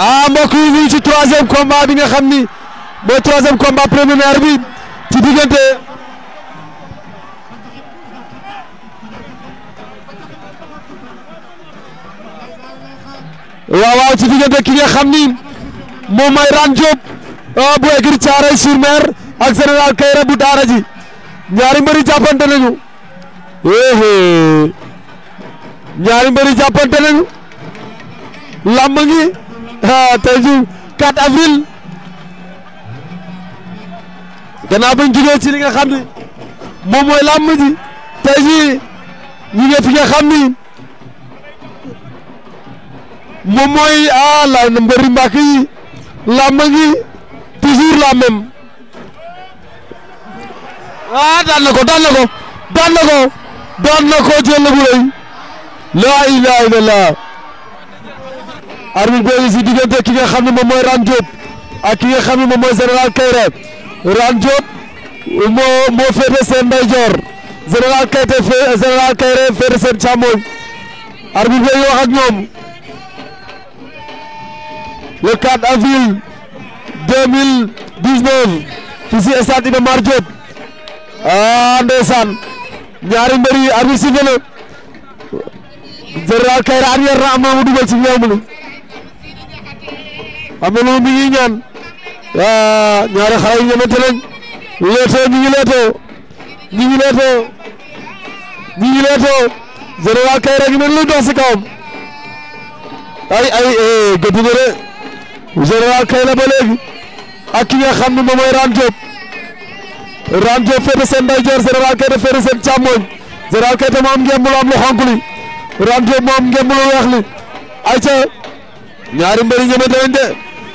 ah mbokk yi ñu ngi ci troisième combat bi nga xam ni mooy troisième combat préliminaire bi ci diggante waaw waaw ci diggante ki nga xam ni moom mooy Rane Diop ah, bu écurie Thiaroye-sur-Mer ak Général Kaïré bu daara ji ñaari mbëri jàppante nañu eh, eh. ñaari mbëri jàppante nañu làmb ngi ah tey jii 4 avril gannaaw li nga xam ni moom mooy làmb ji tey jii ñu ngi xam ni moom mooy ah, la mbëri mbàkk yi làmb ngi toujours la même ah daan ko daan ko daan ko daan na ko laa ilaaha illallaah arbitre boo ngi si diggante ki nga xam ne moom mooy Ran Diop ak ki nga xam ne moom mooy général Kayre Ran Diop moo moo féete seen ndeyjoor général Kayte général Kayre féete seen càmmoñ arbitre boo ngi wax ak ñoom le 4 avril 2019 fii si stade Iba Mar Diop ah ndeysaan ñaari mbër yi arbitre sifflé na général Kayre arrière na am na mu dugal ci ñoom am na lu mu ñuy ñaan waa ñaari xale yu ñamante lañ leetoo ñu ngi leetoo ñu ngi leetoo ñu ngi leetoo Général Kaïré gi mel lu dox si kawam ay ay eh, gëdd na de Général Kaïré ba ki nga xam ne moom mooy Rane Diop Rane Diop féete seen ndeyjoor Général Kaïré féete seen càmmoñ Général Kaïré moo am ngemb lu am lu xonk li Rane Diop moo am ngemb lu weex li ayca ñaari mbëri ñamante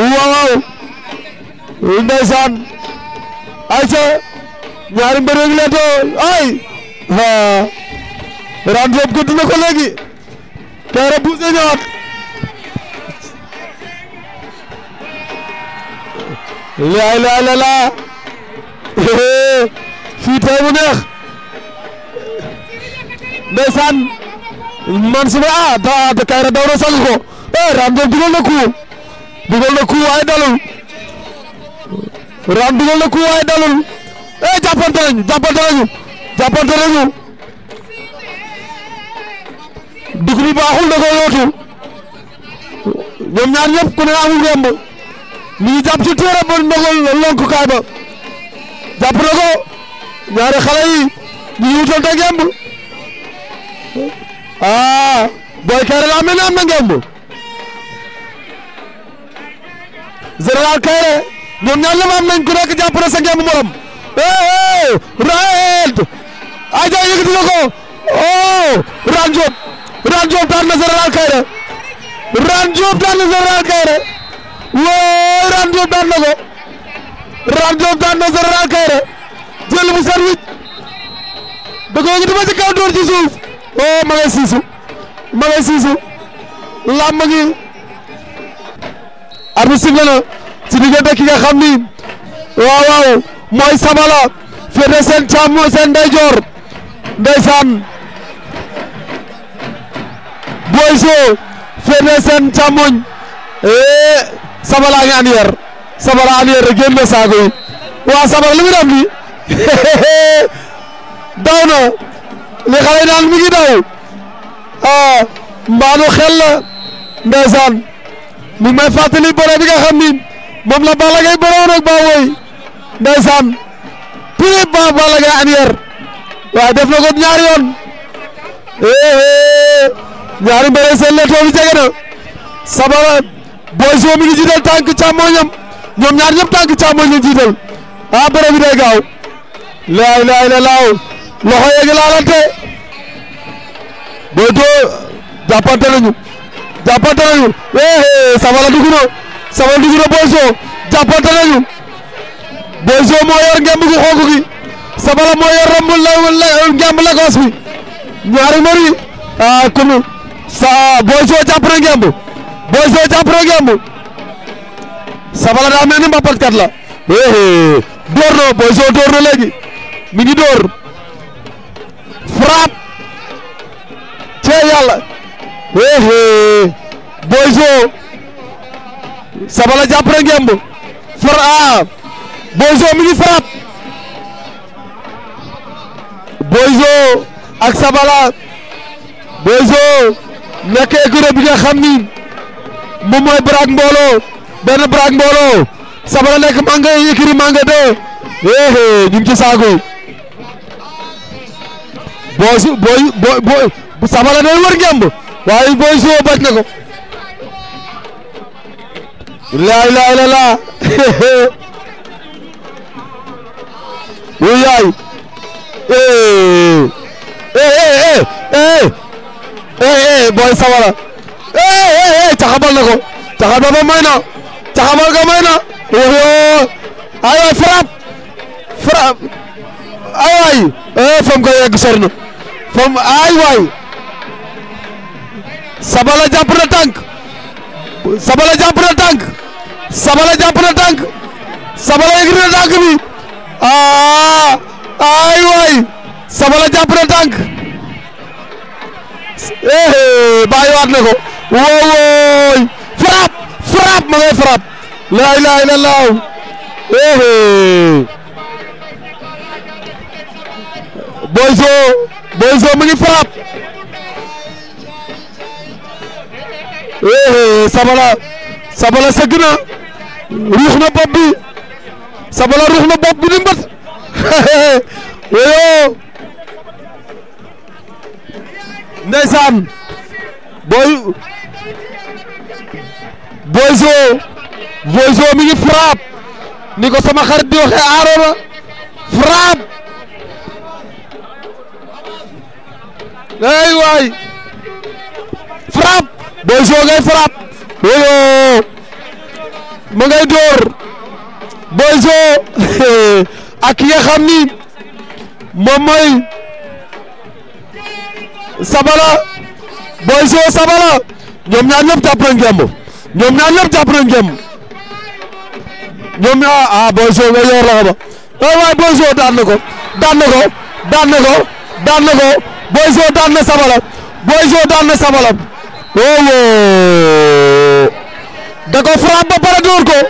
waaw waaw ndeysaan ayca ñaari mbër yi leetoo ay ah Rane Diop gudd na ko léegi Kayra buuse ñëwaat laay laay la laa fii tey mu neex ndeysaan man su ma ah daa Kayra daw na sang ko eh Rane Diop dugal na ko. dugal na coup waaye dalul Raam dugal na coup waaye dalul eh jàppante nañu jàppante nañu jàppante nañu dugg bi baaxul da koy yóotu ñoom ñaar ñëpp ku ne amul ngemb mi ngi jàpp ci téere ba ndogal lonkukaay ba jàpp na ko ñaari xale yi ñu ngi wutal te ngemb ah booy kere la général Kayre ñoom ñaar ñëpp am nañ ku nekk jàpp na sa ngemb morom eh, eh Raed Adja yëkkati na ko oh Rane Diop Rane Diop daan na général Kayre Rane Diop daan na général Kayre wooy Rane Diop daan na ko Rane Diop daan na général Kayre jël bu set wicc da koo yëkkati ba ci kaw door ci suuf oh ma ngay siisu ma ngay siisu làmb gi. arbitre sifflé na ci diggante ki nga xam ni waaw waaw mooy Sabala féete seen càmm seen ndeyjoor ndeysaan Boy Joe féete seen càmmoñ eh Sabala nga aniyar Sabala aniyar rek génn waa Sabala li mu def nii daw na li xale naan mi ngi daw ah mbaadu xel la ndeysaan mu ngi may fàttali bëre bi nga xam ni moom la Balla Gaye bëre woon ak Baboy ndeysaan prix ba Balla Gaye waaye def na ko ñaari yoon eh, eh. ñaari mbëre seen leetoo bi jege na sabara Boy Joe mi ngi jiital tànk càmmoñam ñoom ñaar ñëpp tànk cam la jiital ah bëre day gaaw laa ilaaha illallaah loxo yeegi laalante boo doo jàppante nañu jàppante nañu eh Sabala eh, dugg na Sabala dugg na Boy Soo jàppante nañu Boy Soo moo yor ngemb gu xonk gi Sabala moo yor ngemb Lagos bi ñaari mbër yi ah sa Boy Soo jàpp na ngemb Boy Soo jàpp na ngemb Sabala daa mel ni mbapatkat la eh, eh door na Boy Soo door na léegi mi ngi door frappe cee yàlla. éé Boy Joe Sabala jàpp ngemb for a Boy Joe mi ngi frapp Boy Joe ak Sabala Boy Joe nekk écurie bi a xam ni moom mooy Brak Mbolo benn Brak Mbolo Sabala nekk manga écurie manga de éé ñu ngi ci saaku Boy Boy Boy Sabala day wër ngemb waaye Boy Joe bañ na ko laa ilaaha illallaah wuy yaay eh eh eh eh, eh. eh, eh Boy Sawara eh eh caxabal na ko caxabal ba na caxabal ga may na woyoo aywa frapp frapp aywaay eh fam ko yegg na fam aywaay سب لک سب لاپنا ٹنک سب لاپنا ٹنک سب لگا ٹنک بھی آئی وائی سب لاپنا ٹنک اے بھائی اور فراپ لائی لائی لو او بول سو بول سو مجھے خراب Eh, Sabala Sabala sëgg na ruux na bopp Sabala ruux na bopp bi ni mbët wéyoo ndeysaan booy Boyzo Boyzo mi ni ko sama xarit di waxee aaroona frappe ay waay frappe Boy Joe ngay frapp woyoo ma ngay door Boy Joe ak ki ni moom mooy Sabala Boy Joe Sabala ñoom ñaar ñëpp jàpp nañ ngemb ñoom ñaar ñëpp jàpp nañ ngemb ñoom ñaar ah Boy Joe nga yor la ko ba waaye waaye Boy Joe daan na ko daan na ko daan na ko daan na daan na Sabala Boy Joe daan na Sabala. woowoo da ko ba pare dóor ko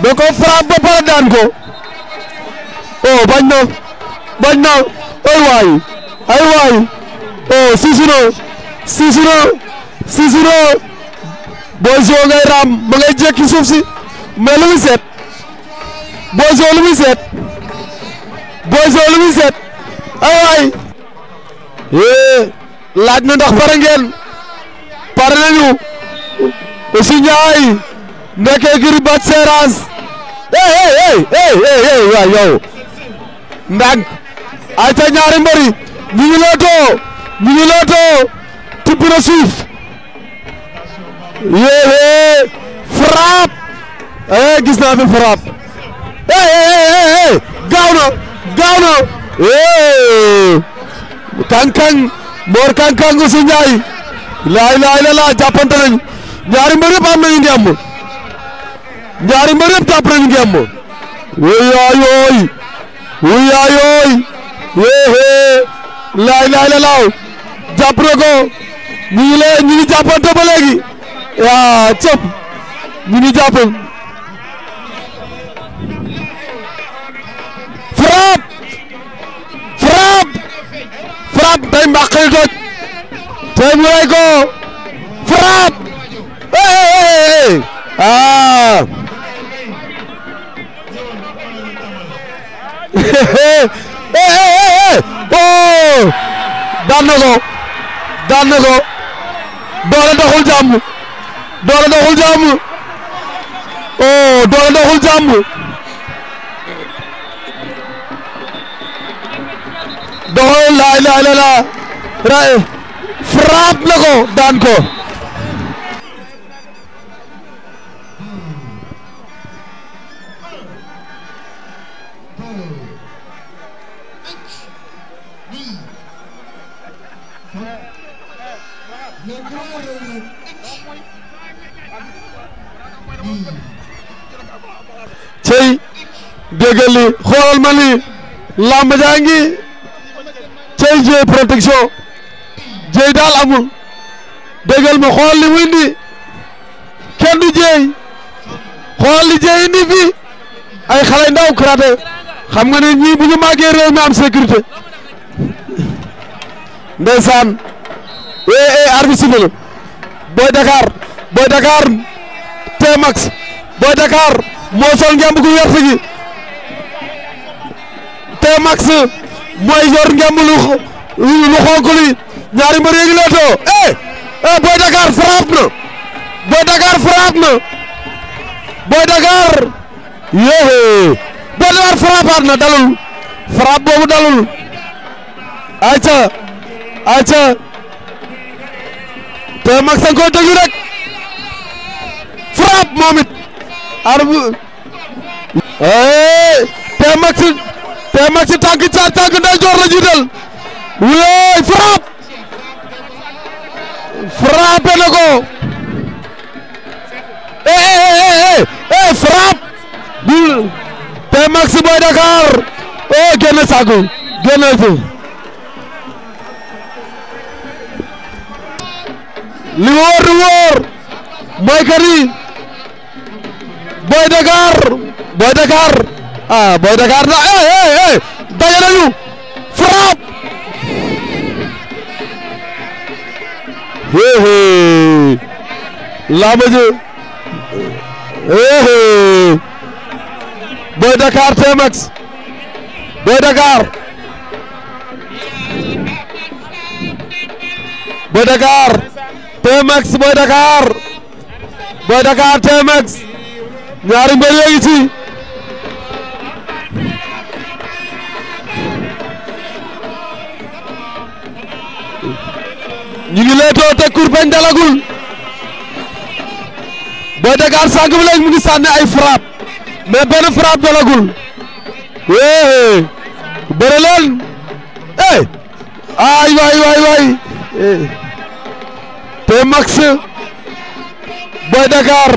da ko ba pare daan ko oh bañ na bañ na ay waay ay waay oh Cissokho Cissokho Cissokho Boy Joe ngay raam ma ngay jékki suuf si mais lu muy seet Boy Joe lu muy seet Boy Joe lu muy seet ay waay. Eh. laaj na ndax pare ngeen pare nañu Ousseyn Ndiaye nekkee kii Bat Seras hey hey hey hey waaw yow ndànk ayca ñaari mbëri ñu ngi lootoo na suuf yéewee frappe eh gis naa fi frappe hey hey hey gaaw na gaaw na eh kañ Mor Kang Kang Ousou Ndiaye laay laay la laa jàppante nañu ñaari mbër yëpp am nañu ngemb ñaari mbër yëpp jàpp nañu ngemb wuyaayoy wuyaayoy wéehée laay laay la laaw jàpp na ko ñu ngi lee ñu ngi jàppante ba léegi yaa cëp ñu ngi jàpp frappe fraat day mbaq li toj mu rey ko fraat ah oh daan na ko daan na ko doxul jàmm doole doxul jàmm oh, لائے لا چھئی خراب لی خرل ملی لام بجائیں گی jëy jëy protection jëy daal amul déggal ma xool li mu kenn du jëy xool li jëy indi fii ay xale ndaw Karaté xam nga ne ñii bu ñu màggee réew mi am sécurité ndeysaan eh eh arbitre sifflé Boy Dakar Boy Dakar t Boy Dakar moo sol ngemb gu wert gi مخصو رکھ خراب مام تم Baye Max ci tànk caar tànk ndeyjoor la jiital wéy frappe frappe na ko eh eh eh, eh, eh, eh frappe bul Baye Max Boy Dakar oh génn saako génn fi li wóor li Boy Dakar Boy Dakar. ah Boy Dakar da eh eh eh daje nañu frappe eh, hee eh. hee laa ma jë hee eh, hee Boy Dakar Tmax Boy Dakar Boy Dakar Tmax ci ñu ngi leetoo te kurpeñ dalagul Boy Dakar sànq ba léegi mu ngi sànni ay frappe mais benn frappe dalagul wéé bëre leen te max Boy Dakar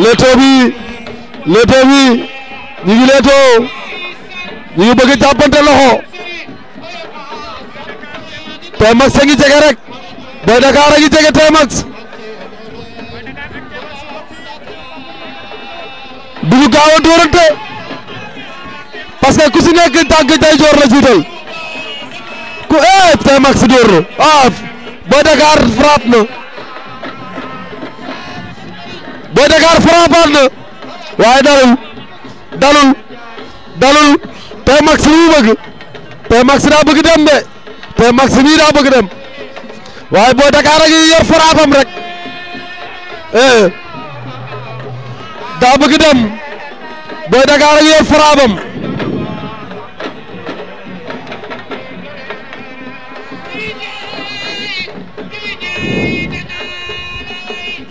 leetoo bi leetoo ngi leetoo ñu ngi bëgg jàppante loxo. Temax a ngi jege rek Boy Dakar a ngi jege Temax duñu gaaw a dóorante parce que ku si nekk tànk day joor la jiital ku eh Temax ah, Boy Dakar frappe Boy Dakar frappe waaye dalul dalul dalul Temax lu mu bëgg bëgg dem te max bii daa bëgg dem waaye Boy Dakar a ngi yor frappam rek eh daa bëgg dem Boy Dakar a ngi yor frappam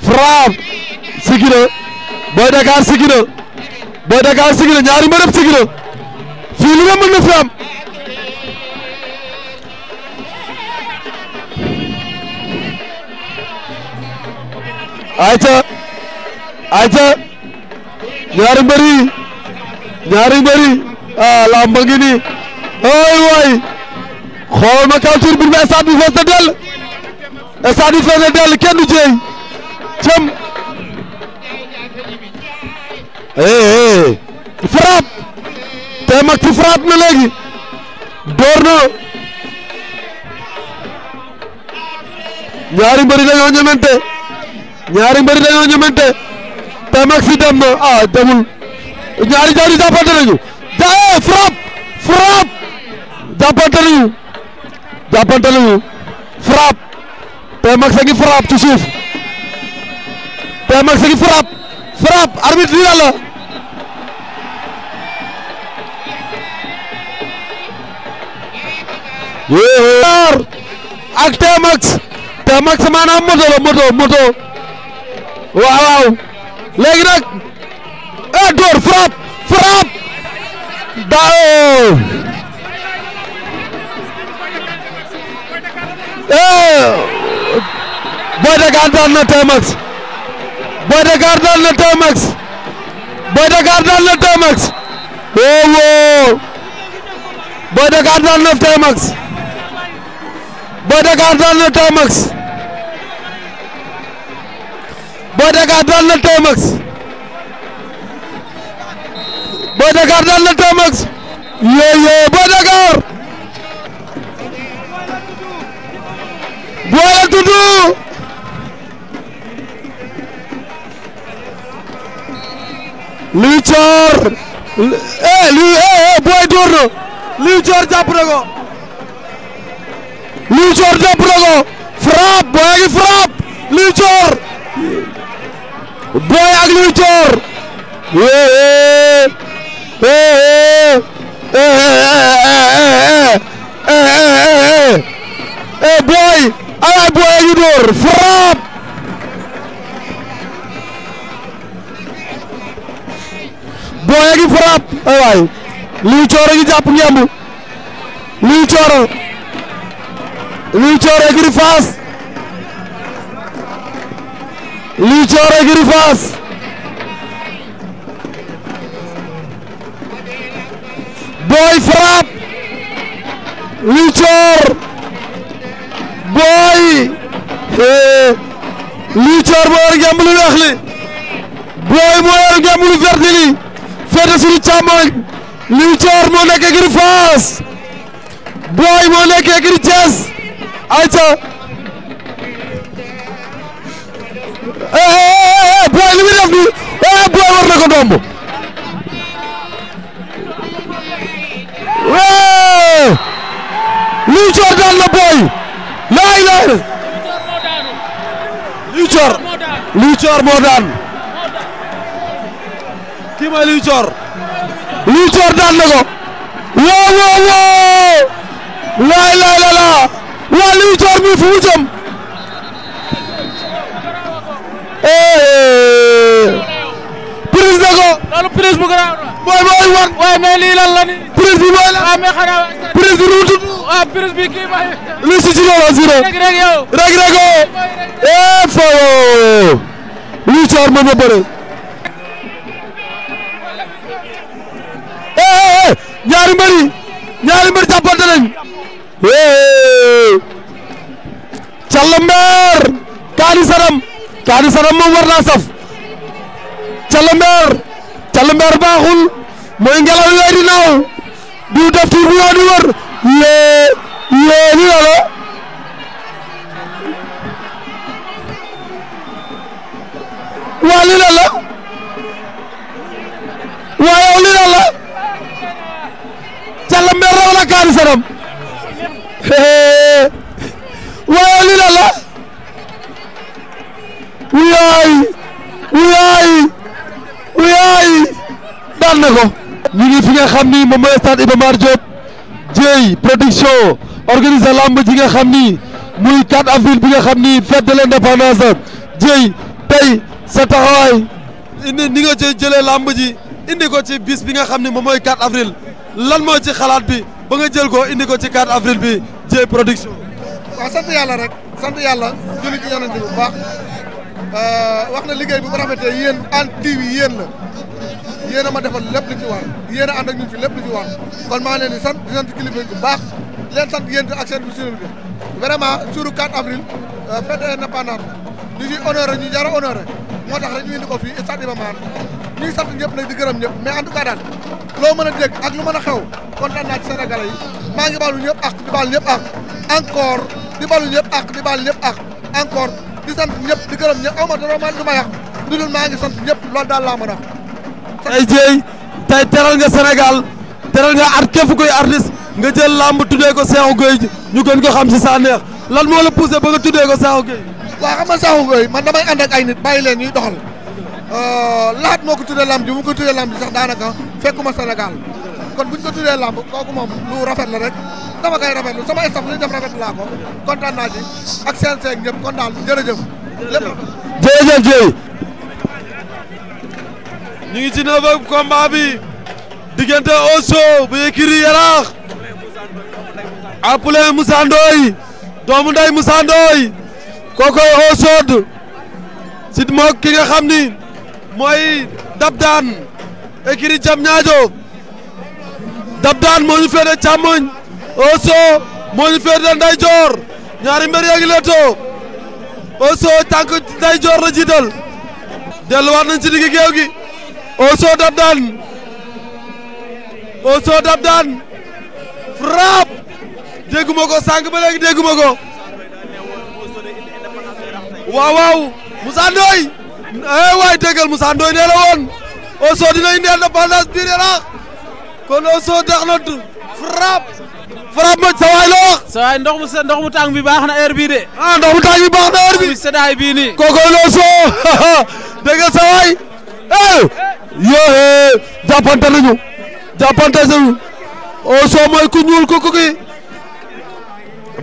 frapp sigi na Boy Dakar sigi na Boy Dakar sigi na ñaari mbërëb sigi na fii lu nga mën na fi am ayca ayca ñaari mbër yi ñaari mbër yi ah lamba ngi nii ay waay xool ma kaw tur bi mais stade bi fees na dell stade bi fees na kenn du jeey jëm eh, eh frappe te mag fi frappe na léegi door na ñaari mbër yi dañoo ñaari mbëri dañoo ñëmente Tmax dem na ah demul ñaari jaadu jàppante nañu jaayee eh, frappe frappe jàppante nañu jàppante nañu frappe Tmax a ngi frappe ci suuf Tmax a ngi ak Tmax Tmax maanaam moto la moto waaw waaw léegi nag eh door frappe frappe daaw eh, Boy Dakar daan na Tmax Boy Dakar daan na Tmax Boy Dakar daan na Tmax woowoo Boy Dakar daan na Tmax Boy Dakar daan na Tmax Boy Dakar dal na Temax Boy Dakar dal na Temax yéyé Boy Dakar Boy Luy Coor eh luy eh, eh Boy dóor Luy Coor jàpp na Luy Coor jàpp na ko Boy a ngi Luy Coor Boy ak Liss Dior Boy ay Boy a ngi door frappe Boy a ngi frappe ay waay Liss Dior a ngi jàpp ngemb Liss Dior Liss Dior a ngi faas Liss Thioro écurie Fass Boy frappe Liss Thioro Boy eh Liss Thioro moo yor ngemb lu weex li Boy moo yor ngemb lu vert li féete suñu càmmoñ Liss Thioro moo lépp waay war na ko domb wéé luy coor daan na booy laay laay luy coor luy coor moo daan kii mooy luy coor luy coor daan na ko waaw waaw waaw laay laay la laa waa luy coor mi fu mu jëm پھر مجھے پڑی یاری بڑی چپ چلمیرم کاری شرما صف چلمیر چلمیر باہل mooy ngelaw yooyu di naaw di def wër yee yee li la la waa li la la waa yow li la la callam be raw la kaani saram waa yow li la la wuyaay wuyaay wuyaay daan na ko ñu ngi fi nga xam ni moom mooy stade Iba Mar Diop Dieye production organiser lamb ji nga xam ni muy 4 avril bi nga xam ni fête de l'indépendance Dieye tey sa taxawaay indi nga cee jëlee lamb ji indi ko ci bis bi nga xam ni moom mooy 4 avril lan moo ci xalaat bi ba nga jël ko indi ko ci 4 avril bi Dieye production. waaw sant yàlla rek sant yàlla julli ci yonent bi bu Euh, wax na liggéey bi bu rafetee yéen Hann TV yéen la yéen a ma defal lépp li ci war yéen a ànd ak ñun fi lépp li ci war kon maa leen di sant di sant kilifa baax leen sant yéen ak seen suñu bi vraiment suuru 4 avril euh, fête indépendance la ñu ciy honoré ñu jar a honoré moo tax rek ñu indi ko fii stade Iba Mar ñuy sant ñëpp nag di gërëm ñëpp mais en tout cas daal loo mën a ak lu mën a xew kontaan naa ci Sénégalais yi maa ngi baalu ñëpp ak di baal ñëpp ak encore di baalu ñëpp ak di ñëpp ak encore di sant ñëpp di gërëm ñëpp aw ma a man du ma yàq lu maa ngi sant ñëpp loolu daal laa mën a tey jéey tey teral nga Sénégal teral nga art képp kuy artiste nga jël làmb tuddee ko Cheikhou Gueye ñu gën ko xam si Sanekh lan moo la poussé ba nga tuddee ko Cheikhou Gueye waaw xam ma Cheikhou Gueye man damay ànd ak ay nit bàyyi leen ñuy doxal euh, laat moo ko tuddee làmb ji mu ko tuddee làmb ji sax daanaka fekkuma Sénégal kon buñ ko tuddee làmb kooku moom lu rafet la rek dama koy rafetlu sama staff li ñu def rafetlu laa ko kontaan naa ci ak seen seeg ñëpp kon daal jërëjëf. jërëjëf jërëjëf ñu ngi ci neuvième combat bi diggante Ozo bu écurie Yaraax ak Poulain Moussa Ndoye doomu nday Moussa Ndoye kookoy Ozo si moo ki nga xam ni mooy Dabdaan écurie Diamniadio Dabdaan moo ñu féete càmmoñ Oso moo ñu féetee jor ñaari mbër yaa ngi leetoo Oso tànk ndeyjoor la jiital delluwaat nañ ci digg géew gi Oso dab daan Oso dab daan frapp dégguma ba léegi dégguma waaw waaw eh waay déggal musandoi Ndoye nee la woon Oso dina indi indépendance biir Yaraax kon Oso tax na Faraab Mbodj sa la wax. ndox mu ndox mu tàng bi baax na heure bii de. ah ndox mu tàng bi baax na heure bii. seddaay bii nii. kooku loo soo ku ñuul ko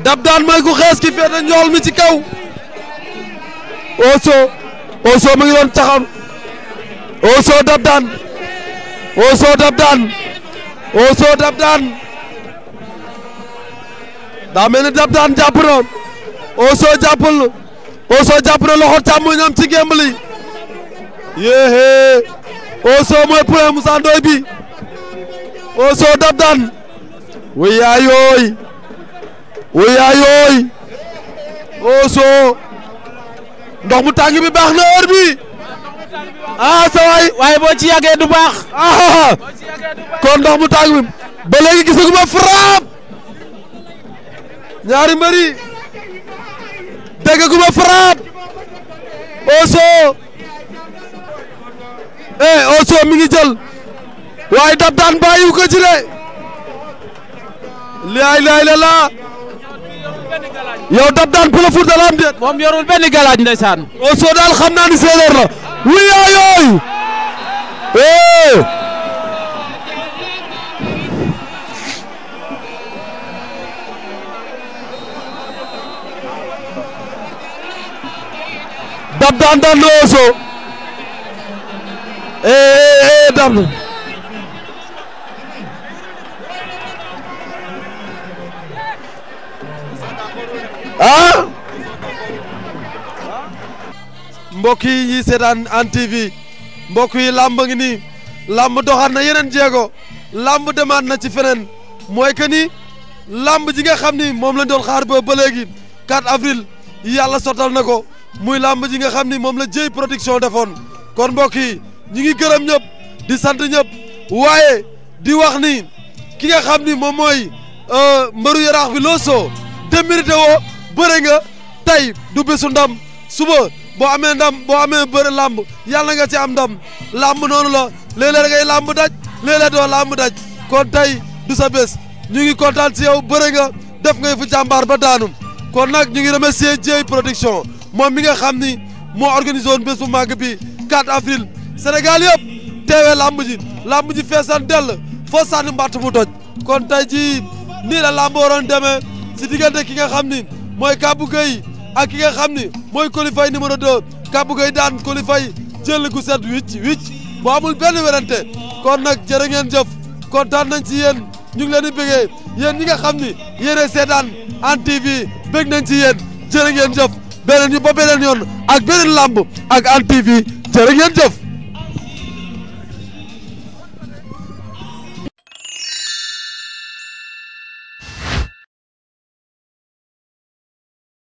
dab daan mooy ku xees ki féete ñool mi ci kaw. Oso oh, Oso oh, mi ngi doon taxaw oh, dab daan Oso dab daan daa mel ni dab daan jàpp na Ozo jàppal ci gémb li yéehée Ozo mooy point Moussa Ndoye bi Ozo dab daan wuyaa yooy wuyaa yooy Ozo mu tàng bi baax na heure bi ah sa waay boo ci yàggee du baax ah, ah, ah. kon mu tàng bi ba léegi gisaguma ñaari mbëri dégg gu ma frappe Oso eh Oso mi ngi jël waaye dab daan bàyyiwu ko ci de laay laay la laa yow daan pour le foot de l'âme déet. moom yorul benn galaaj ndeysaan. Oso daal xam naa ni séeréer la. wiyaayoy. dab daan daan Leewtoo ee dab na mbokk yi ñuy seetaan Hann TV mbokk yi làmb ngi nii làmb doxaat na yeneen jéego làmb demaat na ci feneen mooy que ni làmb ji nga xam ni moom lañ doon xaar ba ba léegi 4 avril yàlla sottal na ko muy làmb ji nga xam ni la jëy production defoon kon mbokk yi ñi ngi gërëm ñëpp di sant ñëpp waaye di wax ni ki nga xam ni moom mooy euh, mbaru yaraax bi loo soo démérité woo bëre nga tey du bésu ndam suba bo amee ndam bo amee bëre làmb yàlla nga ci am ndam làmb noonu la léeg ngay daj léeg-léeg doo daj kon tay du sa bés ñu ngi kontaan si yow bëre nga def ngay fu jàmbaar ba daanu kon ñu ngi remercier production moom mi nga xam ni moo organisé woon bés bi 4 avril Sénégal yëpp teewee làmb ji làmb ji feesan del, foo sànni mbàtt mu doj kon tey jii nii la làmb waroon demee si diggante ki nga xam ni mooy Kabou Gueye ak ki nga xam ni mooy Colifay numéro 2 Kabou Gueye daan Colifay jël gu set wicc wicc bu amul benn werante kon nag jërë ngeen jëf kontaan nañ ci yéen ñu ngi leen di bëggee yéen ñi nga xam ni yéenay seetaan TV bëgg nañ ci yéen jërë ngeen jëf beneen ba beneen yoon ak beneen làmb ak Hann TV jërë ngeen jëf